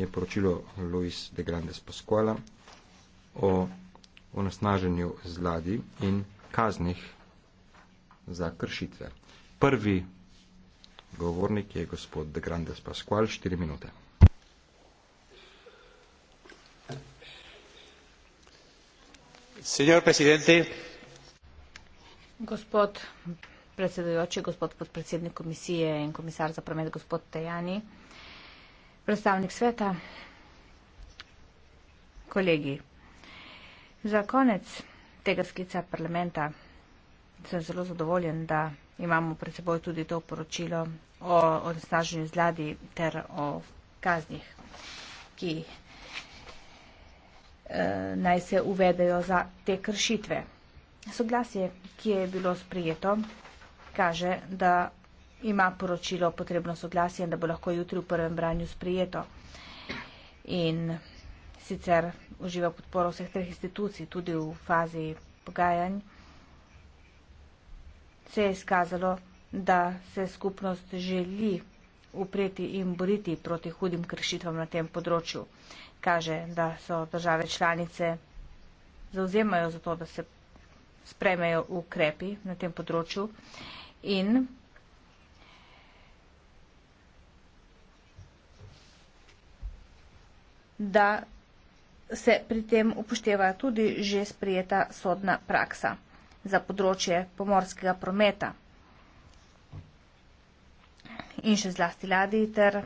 je poročilo Luis de Grandes Pascuala o onesnaženju z ladi in kaznih za kršitve. Prvi govornik je gospod de Grandes Pascual, 4 minute. Senor presidente. Gospod predsedujoči, gospod podpredsednik komisije in komisar za promet, gospod Tejani predstavnik sveta, kolegi. Za konec tega skica parlamenta sem zelo zadovoljen, da imamo pred seboj tudi to poročilo o odnesnaženju zladi ter o kaznih, ki eh, naj se uvedejo za te kršitve. Soglasje, ki je bilo sprijeto, kaže, da ima poročilo potrebno soglasje in da bo lahko jutri v prvem branju sprijeto. In sicer uživa podporo vseh treh institucij, tudi v fazi pogajanj. Se je izkazalo, da se skupnost želi upreti in boriti proti hudim kršitvam na tem področju. Kaže, da so države članice zauzemajo za to, da se spremejo ukrepi na tem področju in da se pri tem upošteva tudi že sprijeta sodna praksa za področje pomorskega prometa in še zlasti ladi ter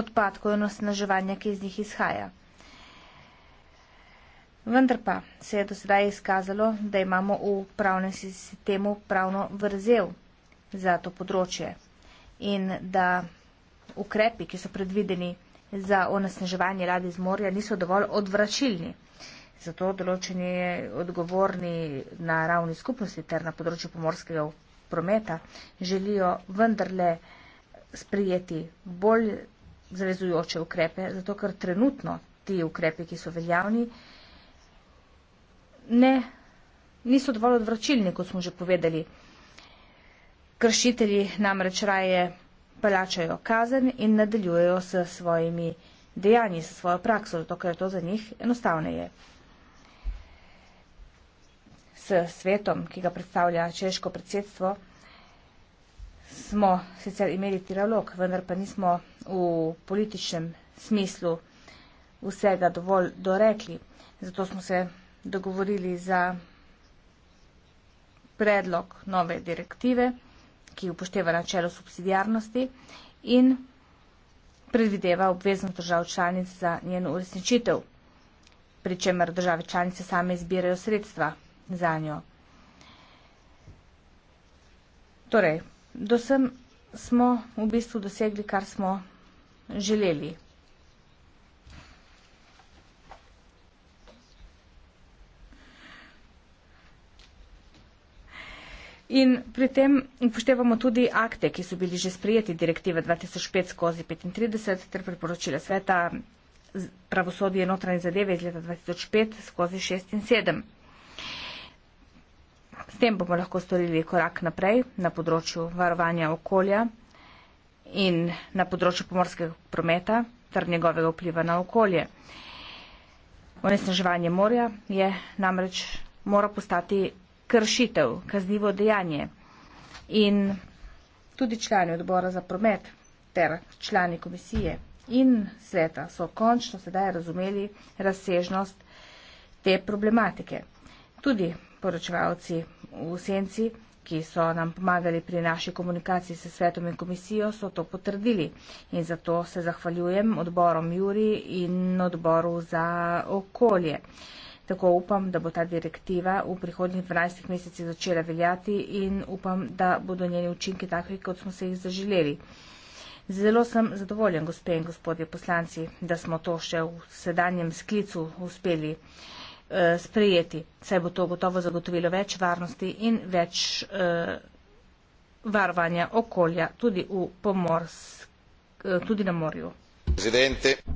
odpadkov in osnaževanja, ki iz njih izhaja. Vendar pa se je do sedaj izkazalo, da imamo v pravnem sistemu pravno vrzel za to področje in da ukrepi, ki so predvideni, za onesnaževanje ladi z morja niso dovolj odvračilni. Zato določeni odgovorni na ravni skupnosti ter na področju pomorskega prometa želijo vendarle sprijeti bolj zavezujoče ukrepe, zato ker trenutno ti ukrepe, ki so veljavni, ne, niso dovolj odvračilni, kot smo že povedali. Kršitelji namreč raje plačajo kazen in nadaljujejo s svojimi dejanji, s svojo prakso, zato ker je to za njih enostavneje. S svetom, ki ga predstavlja češko predsedstvo, smo sicer imeli tiralog, vendar pa nismo v političnem smislu vsega dovolj dorekli. Zato smo se dogovorili za predlog nove direktive ki upošteva načelo subsidijarnosti in predvideva obveznost držav članic za njeno uresničitev, pri čemer države članice same izbirajo sredstva za njo. Torej, do sem smo v bistvu dosegli, kar smo želeli. In pri tem upoštevamo tudi akte, ki so bili že sprijeti direktive 2005 skozi 35 ter priporočila sveta pravosodje in notranje zadeve iz leta 2005 skozi 6 in 7. S tem bomo lahko storili korak naprej na področju varovanja okolja in na področju pomorskega prometa ter njegovega vpliva na okolje. Onesnaževanje morja je namreč mora postati kršitev, kaznivo dejanje. In tudi člani odbora za promet ter člani komisije in sveta so končno sedaj razumeli razsežnost te problematike. Tudi poročevalci v senci, ki so nam pomagali pri naši komunikaciji s svetom in komisijo, so to potrdili. In zato se zahvaljujem odborom Juri in odboru za okolje. Uh, Tako upam, da bo ta direktiva v prihodnjih 12 mesecih začela veljati in upam, da bodo njeni učinki takvi, kot smo se jih zaželeli. Zelo sem zadovoljen, gospe in gospodje poslanci, da smo to še v sedanjem sklicu uspeli eh, sprejeti, saj bo to gotovo zagotovilo več varnosti in več eh, varovanja okolja tudi, pomors, eh, tudi na morju.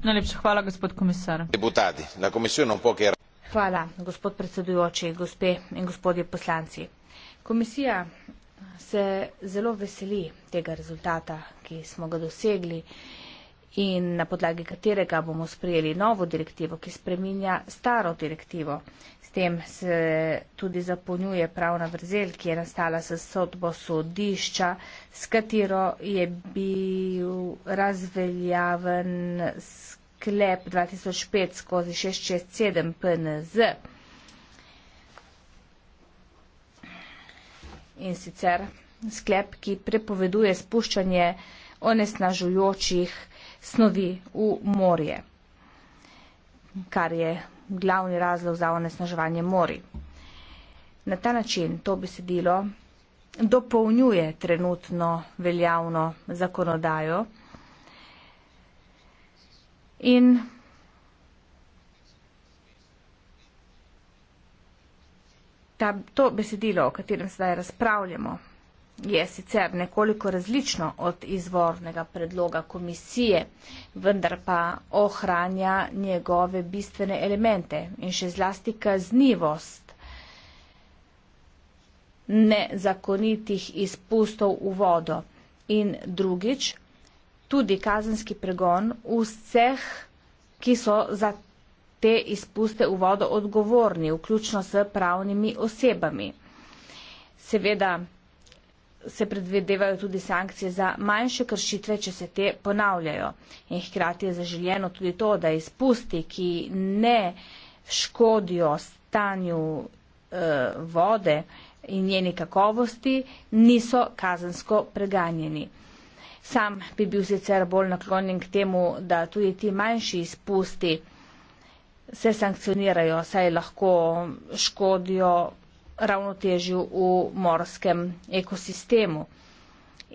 Najlepša hvala, gospod komisar. Deputati, na komisijo nam pokera. Hvala, gospod predsedujoči, gospe in gospodje poslanci. Komisija se zelo veseli tega rezultata, ki smo ga dosegli in na podlagi katerega bomo sprejeli novo direktivo, ki spreminja staro direktivo. S tem se tudi zapolnjuje pravna vrzel, ki je nastala s sodbo sodišča, s katero je bil razveljaven sklep 2005 skozi 667 PNZ. In sicer sklep, ki prepoveduje spuščanje onesnažujočih snovi v morje, kar je glavni razlog za onesnaževanje mori. Na ta način to besedilo dopolnjuje trenutno veljavno zakonodajo, In ta, to besedilo, o katerem sedaj razpravljamo, je sicer nekoliko različno od izvornega predloga komisije, vendar pa ohranja njegove bistvene elemente in še zlasti kaznivost nezakonitih izpustov v vodo. In drugič, tudi kazenski pregon vseh, ki so za te izpuste v vodo odgovorni, vključno s pravnimi osebami. Seveda se predvedevajo tudi sankcije za manjše kršitve, če se te ponavljajo. In hkrati je zaželjeno tudi to, da izpusti, ki ne škodijo stanju e, vode in njeni kakovosti, niso kazensko preganjeni. Sam bi bil sicer bolj naklonjen k temu, da tudi ti manjši izpusti se sankcionirajo, saj lahko škodijo ravnotežju v morskem ekosistemu.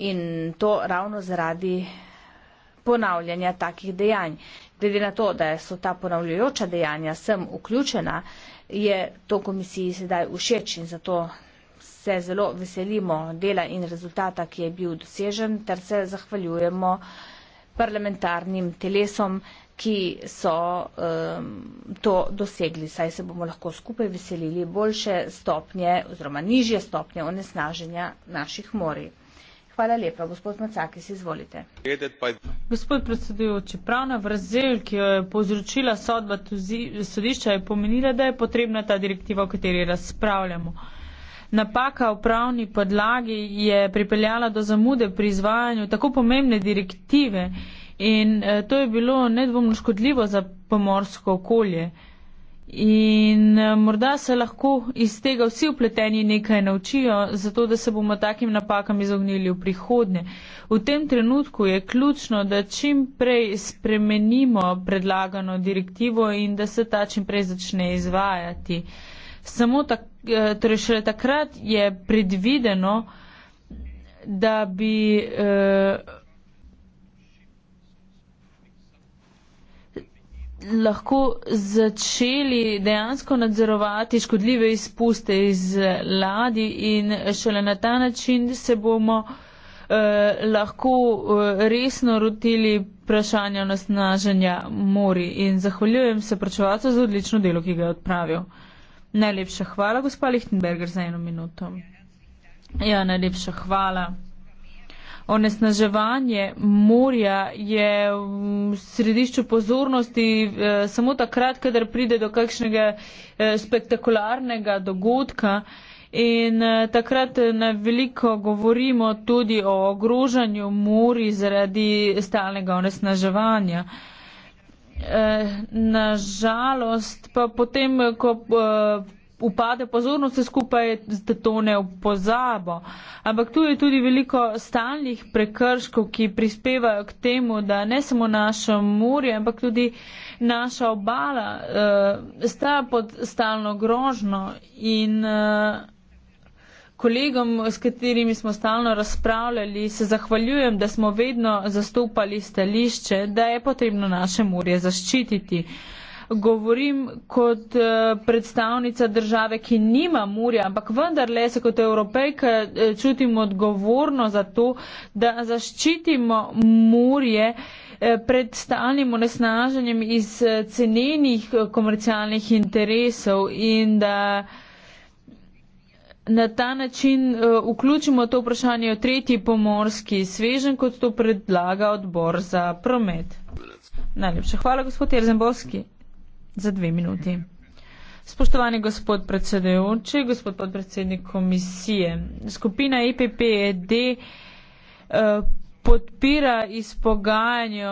In to ravno zaradi ponavljanja takih dejanj. Glede na to, da so ta ponavljajoča dejanja sem vključena, je to komisiji sedaj všeč in zato se zelo veselimo dela in rezultata, ki je bil dosežen, ter se zahvaljujemo parlamentarnim telesom, ki so um, to dosegli, saj se bomo lahko skupaj veselili boljše stopnje oziroma nižje stopnje onesnaženja naših morij. Hvala lepa, gospod Macakis, izvolite. Gospod predsedujoči, pravna vrzel, ki jo je povzročila sodba tuzi, sodišča, je pomenila, da je potrebna ta direktiva, o kateri razpravljamo. Napaka v pravni podlagi je pripeljala do zamude pri izvajanju tako pomembne direktive in eh, to je bilo nedvomno škodljivo za pomorsko okolje. In eh, morda se lahko iz tega vsi upleteni nekaj naučijo, zato da se bomo takim napakam izognili v prihodnje. V tem trenutku je ključno, da čim prej spremenimo predlagano direktivo in da se ta čim prej začne izvajati. Uh, samo tak, eh, torej šele takrat je predvideno, da bi eh, lahko začeli dejansko nadzorovati škodljive izpuste iz eh, ladi in šele na ta način se bomo lahko resno rotili vprašanja nasnaženja mori. In zahvaljujem se pročevalcu za odlično delo, ki ga je odpravil. Najlepša hvala, gospa Lichtenberger, za eno minuto. Ja, najlepša hvala. Onesnaževanje morja je v središču pozornosti eh, samo takrat, kadar pride do kakšnega eh, spektakularnega dogodka in eh, takrat eh, na veliko govorimo tudi o ogrožanju mori zaradi stalnega onesnaževanja. Eh, na žalost pa potem, ko eh, upade pozornost, se skupaj tone v pozabo. Ampak tu je tudi veliko stalnih prekrškov, ki prispevajo k temu, da ne samo naše morje, ampak tudi naša obala eh, sta pod stalno grožno in eh, kolegom, s katerimi smo stalno razpravljali, se zahvaljujem, da smo vedno zastopali stališče, da je potrebno naše morje zaščititi. Govorim kot eh, predstavnica države, ki nima morja, ampak vendarle se kot evropejka eh, čutim odgovorno za to, da zaščitimo morje eh, pred stalnim onesnaženjem iz cenenih komercialnih interesov in da na ta način uh, vključimo to vprašanje o tretji pomorski svežen, kot to predlaga odbor za promet. Najlepša hvala, gospod Jerzembovski, za dve minuti. Spoštovani gospod predsedujoči, gospod podpredsednik komisije, skupina IPPD e e uh, eh, podpira izpogajanje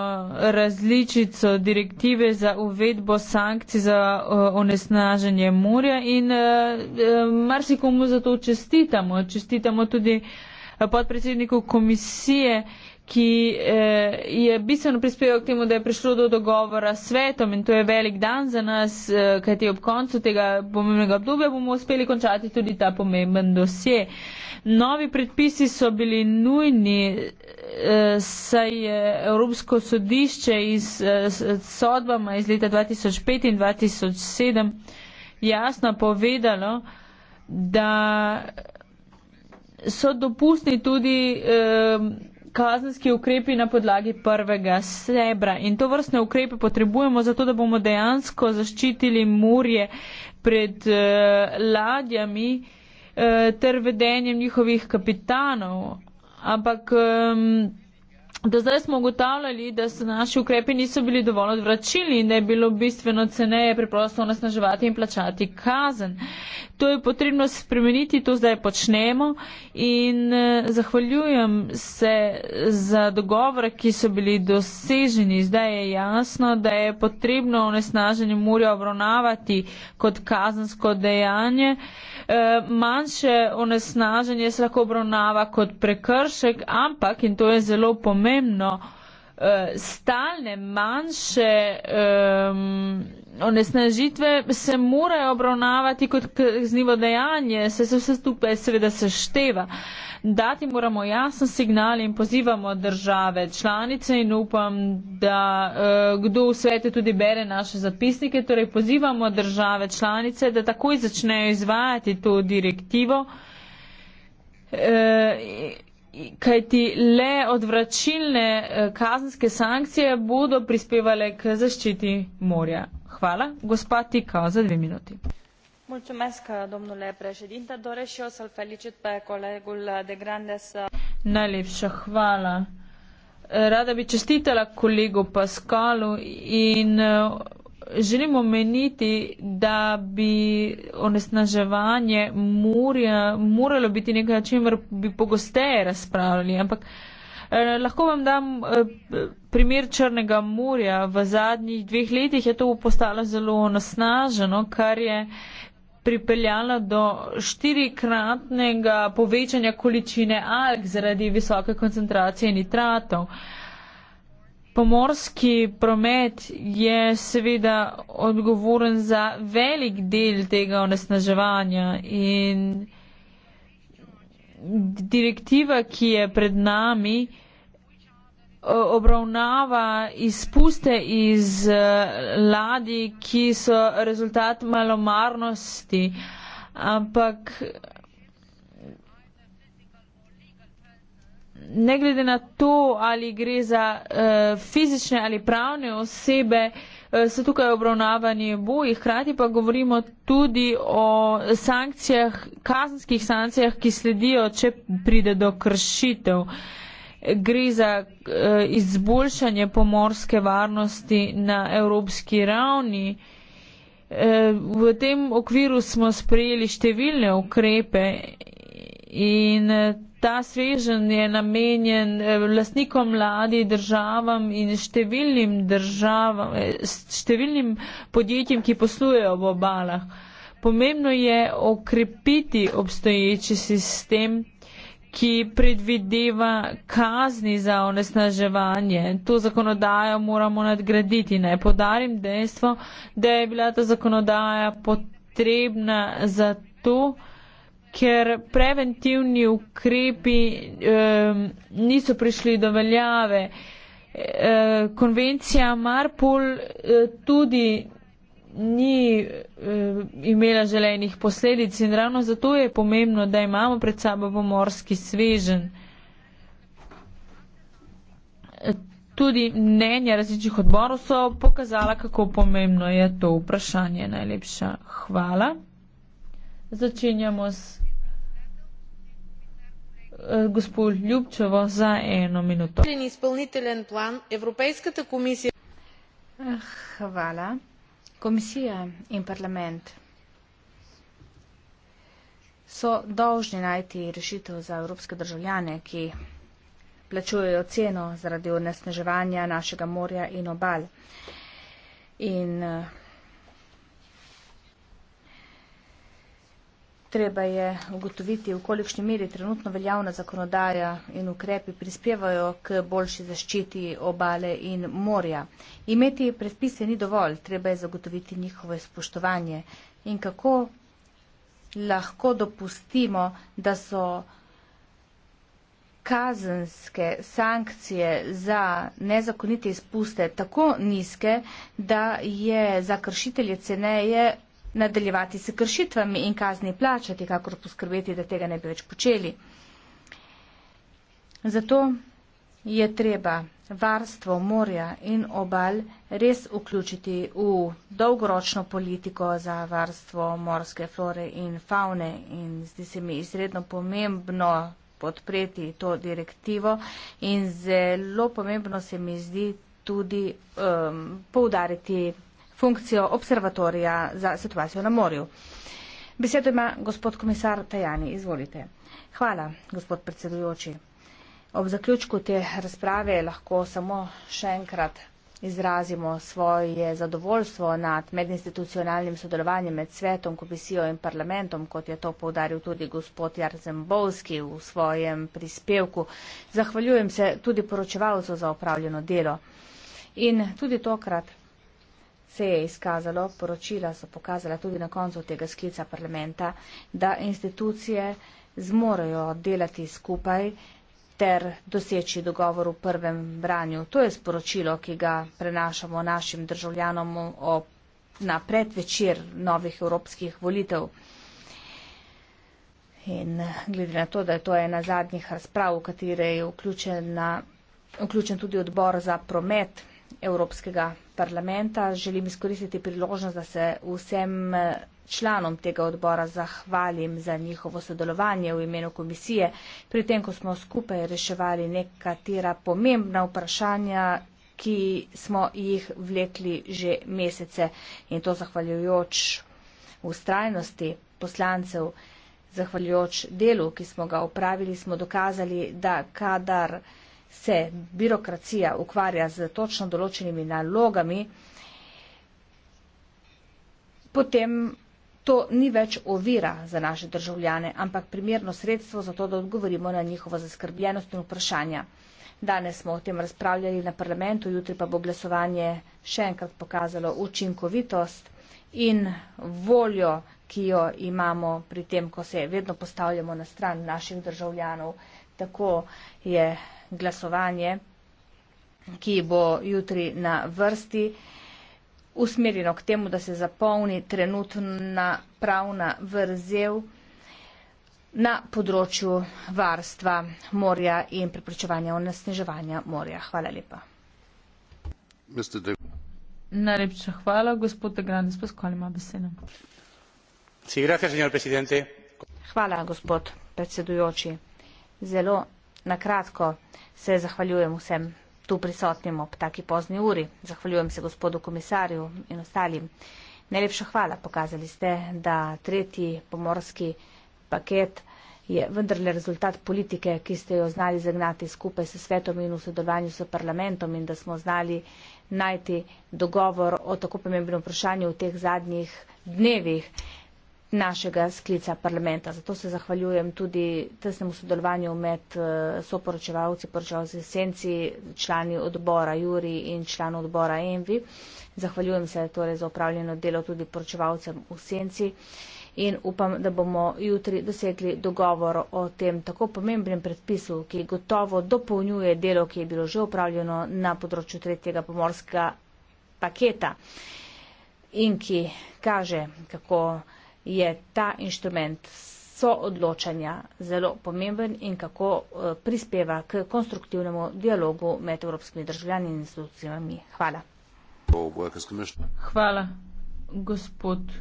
različico direktive za uvedbo sankcij za eh, onesnaženje morja in eh, eh, marsikomu zato čestitamo. Čestitamo tudi podpredsedniku komisije, ki eh, je bistveno prispeval k temu, da je prišlo do dogovora s svetom in to je velik dan za nas, eh, kajti ob koncu tega pomembnega obdobja bomo uspeli končati tudi ta pomemben dosje. Novi predpisi so bili nujni, eh, saj je Evropsko sodišče iz eh, sodbama iz leta 2005 in 2007 jasno povedalo, da so dopustni tudi. Eh, kazenski ukrepi na podlagi prvega sebra. In to vrstne ukrepe potrebujemo zato, da bomo dejansko zaščitili morje pred uh, ladjami uh, ter vedenjem njihovih kapitanov. Ampak. Um, Do zdaj smo ugotavljali, da se naši ukrepi niso bili dovolj odvračili in da je bilo bistveno ceneje preprosto onesnaževati in plačati kazen. To je potrebno spremeniti, to zdaj počnemo in eh, zahvaljujem se za dogovore, ki so bili doseženi. Zdaj je jasno, da je potrebno onesnaženje morja obravnavati kot kazensko dejanje. Eh, manjše onesnaženje se lahko obravnava kot prekršek, ampak, in to je zelo pomembno, pomembno, eh, stalne manjše um, onesnažitve se morajo obravnavati kot kaznivo dejanje, se vse skupaj seveda sešteva. Dati moramo jasen signal in pozivamo države, članice in upam, da uh, kdo v svete tudi bere naše zapisnike, torej pozivamo države, članice, da takoj začnejo izvajati to direktivo. Uh, kajti le odvračilne eh, kazenske sankcije bodo prispevale k zaščiti morja. Hvala. Gospa Tika, za dve minuti. Mulțumesc, domnule președinte. Doresc și eu să-l felicit pe colegul de grande să... Najlepša hvala. Rada bi čestitala kolegu Paskalu in eh, želim omeniti, da bi onesnaževanje morja moralo biti nekaj, o čemer bi pogosteje razpravljali. Ampak eh, lahko vam dam eh, primer Črnega morja. V zadnjih dveh letih je to postalo zelo onesnaženo, kar je pripeljala do štirikratnega povečanja količine alg zaradi visoke koncentracije nitratov. Uh, Pomorski promet je seveda odgovoren za velik del tega onesnaževanja in direktiva, ki je pred nami, obravnava izpuste iz eh, ladi, ki so rezultat malomarnosti, ampak ne glede na to, ali gre za uh, fizične ali pravne osebe, uh, so tukaj obravnavani boji. Hkrati pa govorimo tudi o sankcijah, kazenskih sankcijah, ki sledijo, če pride do kršitev. Gre za uh, izboljšanje pomorske varnosti na evropski ravni. V tem okviru smo sprejeli številne ukrepe in Ta svežen je namenjen eh, lasnikom ladi, državam in številnim, državam, eh, številnim podjetjem, ki poslujejo v obalah. Pomembno je okrepiti obstoječi sistem ki predvideva kazni za onesnaževanje. To zakonodajo moramo nadgraditi. Naj podarim dejstvo, da je bila ta zakonodaja potrebna za to, ker preventivni ukrepi um, niso prišli do veljave. E, konvencija Marpol e, tudi ni e, imela želenih posledic in ravno zato je pomembno, da imamo pred sabo pomorski svežen. Tudi mnenja različnih odborov so pokazala, kako pomembno je to vprašanje. Najlepša hvala. Začenjamo s eh, gospod Ljubčevo za eno minuto. Eh, hvala. Komisija in parlament so dolžni najti rešitev za evropske državljane, ki plačujejo ceno zaradi onesneževanja našega morja in obal. In uh, Treba je ugotoviti, v kolikšni meri trenutno veljavna zakonodaja in ukrepi prispevajo k boljši zaščiti obale in morja. Imeti predpise ni dovolj, treba je zagotoviti njihovo spoštovanje. In kako lahko dopustimo, da so kazenske sankcije za nezakonite izpuste tako nizke, da je za kršitelje ceneje nadaljevati s kršitvami in kazni plačati, kakor poskrbeti, da tega ne bi več počeli. Zato je treba varstvo morja in obal res vključiti v dolgoročno politiko za varstvo morske flore in faune in zdi se mi izredno pomembno podpreti to direktivo in zelo pomembno se mi zdi tudi um, poudariti funkcijo observatorija za situacijo na morju. Besedo ima gospod komisar Tajani, izvolite. Hvala, gospod predsedujoči. Ob zaključku te razprave lahko samo še enkrat izrazimo svoje zadovoljstvo nad medinstitucionalnim sodelovanjem med svetom, komisijo in parlamentom, kot je to povdaril tudi gospod Jarzen Bolski v svojem prispevku. Zahvaljujem se tudi poročevalcu za upravljeno delo. In tudi tokrat se je izkazalo, poročila so pokazala tudi na koncu tega sklica parlamenta, da institucije zmorejo delati skupaj ter doseči dogovor v prvem branju. To je sporočilo, ki ga prenašamo našim državljanom ob, na predvečer novih evropskih volitev. In glede na to, da je to ena zadnjih razprav, v katere je vključen, na, vključen tudi odbor za promet, Evropskega parlamenta. Želim izkoristiti priložnost, da se vsem eh, članom tega odbora zahvalim za njihovo sodelovanje v imenu komisije, pri tem, ko smo skupaj reševali nekatera pomembna vprašanja, ki smo jih vlekli že mesece in to zahvaljujoč ustrajnosti poslancev, zahvaljujoč delu, ki smo ga upravili, smo dokazali, da kadar se birokracija ukvarja z točno določenimi nalogami, potem to ni več ovira za naše državljane, ampak primerno sredstvo za to, da odgovorimo na njihovo zaskrbljenost in vprašanja. Danes smo o tem razpravljali na parlamentu, jutri pa bo glasovanje še enkrat pokazalo učinkovitost in voljo, ki jo imamo pri tem, ko se vedno postavljamo na stran naših državljanov. Tako je glasovanje, ki bo jutri na vrsti, usmerjeno k temu, da se zapolni trenutna pravna vrzel na področju varstva morja in preprečevanja onesneževanja morja. Hvala lepa. Najlepša hvala, gospod Agranis Paskal ima besedo. Hvala, gospod predsedujoči. Zelo na kratko se zahvaljujem vsem tu prisotnim ob taki pozni uri. Zahvaljujem se gospodu komisarju in ostalim. Najlepša hvala. Pokazali ste, da tretji pomorski paket je vendarle rezultat politike, ki ste jo znali zagnati skupaj s svetom in v sodelovanju s parlamentom in da smo znali najti dogovor o tako pomembnem vprašanju v teh zadnjih dnevih našega sklica parlamenta. Zato se zahvaljujem tudi tesnemu sodelovanju med eh, soporočevalci, poročevalci Senci, člani odbora Juri in član odbora Envi. Zahvaljujem se torej za upravljeno delo tudi poročevalcem v Senci in upam, da bomo jutri dosegli dogovor o tem tako pomembnem predpisu, ki gotovo dopolnjuje delo, ki je bilo že upravljeno na področju tretjega pomorskega paketa in ki kaže, kako je ta inštrument soodločanja zelo pomemben in kako eh, prispeva k konstruktivnemu dialogu med evropskimi državljani in institucijami. Hvala. Hvala, gospod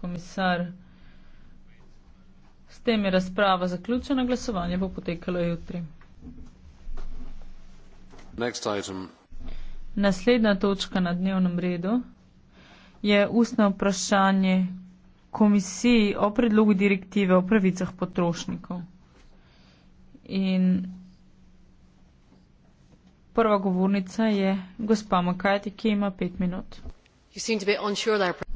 komisar. S tem je razprava zaključena, glasovanje bo potekalo jutri. Next item. Naslednja točka na dnevnem redu je ustno vprašanje komisiji o predlogu direktive o pravicah potrošnikov. In prva govornica je gospa Makajti, ki ima pet minut. You seem to be unsure there.